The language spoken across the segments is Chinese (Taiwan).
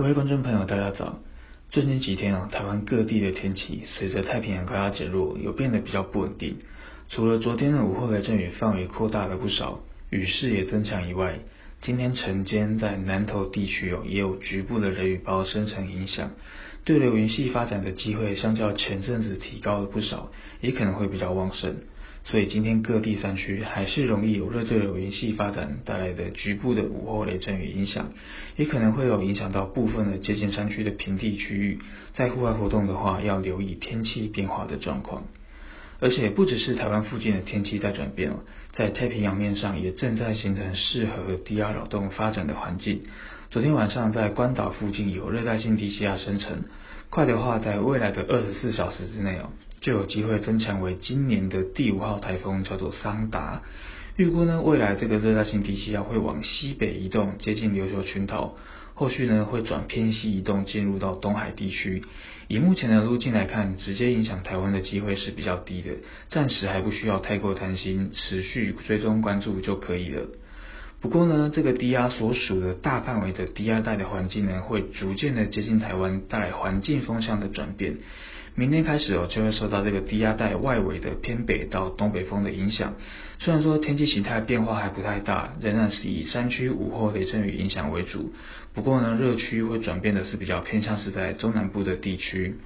各位觀眾朋友，大家早。最近幾天啊，台灣各地的天氣隨着太平洋高壓減弱，又變得比較不穩定。除了昨天的午後雷陣雨範圍擴大了不少，雨勢也增強以外，今天晨間在南投地區有也有局部的雷雨胞生成影響，對流雲系發展的機會相較前陣子提高了不少，也可能會比較旺盛。所以今天各地山區還是容易有熱對流雲系發展帶來的局部的午後雷陣雨影響，也可能會有影響到部分的接近山區的平地區域，在戶外活動的話要留意天氣變化的狀況，而且不只是台灣附近的天氣在轉變了，在太平洋面上也正在形成適合低壓擾動發展的環境。昨天晚上在關島附近有熱帶性低氣壓生成，快的話在未來的二十四小時之內哦。就有機會增強為今年的第五號颱風，叫做桑達。預估呢，未來這個熱帶性低氣壓會往西北移動，接近琉球群島。後續呢，會轉偏西移動，進入到東海地區。以目前的路徑來看，直接影響台灣的機會是比較低的，暫時還不需要太過擔心，持續追蹤關注就可以了。不過呢，這個低壓所屬的大範圍的低壓帶的環境呢，會逐漸的接近台灣，帶來環境風向的轉變。明天開始哦，就會受到這個低壓帶外圍的偏北到東北風的影響。雖然說天氣形態變化還不太大，仍然是以山區午後雷陣雨影響為主。不過呢，熱區會轉變的是比較偏向是在中南部的地區。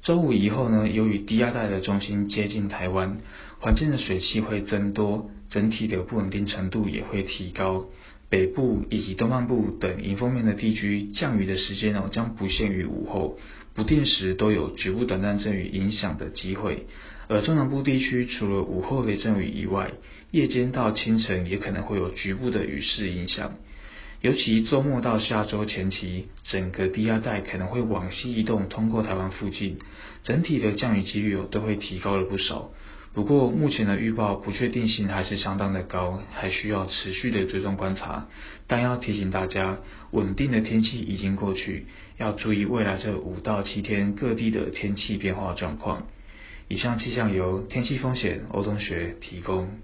週五以後呢，由於低壓帶的中心接近台灣，環境的水汽會增多，整體的不穩定程度也會提高。北部以及東半部等迎風面的地區，降雨的時間呢將不限於午後，不定時都有局部短暫陣雨影響的機會。而中南部地區除了午後雷陣雨以外，夜間到清晨也可能會有局部的雨勢影響。尤其週末到下週前期，整個低壓帶可能會往西移動，通過台灣附近，整體的降雨幾率都會提高了不少。不過目前的預報不確定性還是相當的高，還需要持續的追蹤觀察。但要提醒大家，穩定的天氣已經過去，要注意未來這五到七天各地的天氣變化狀況。以上氣象由天氣風險歐宗學提供。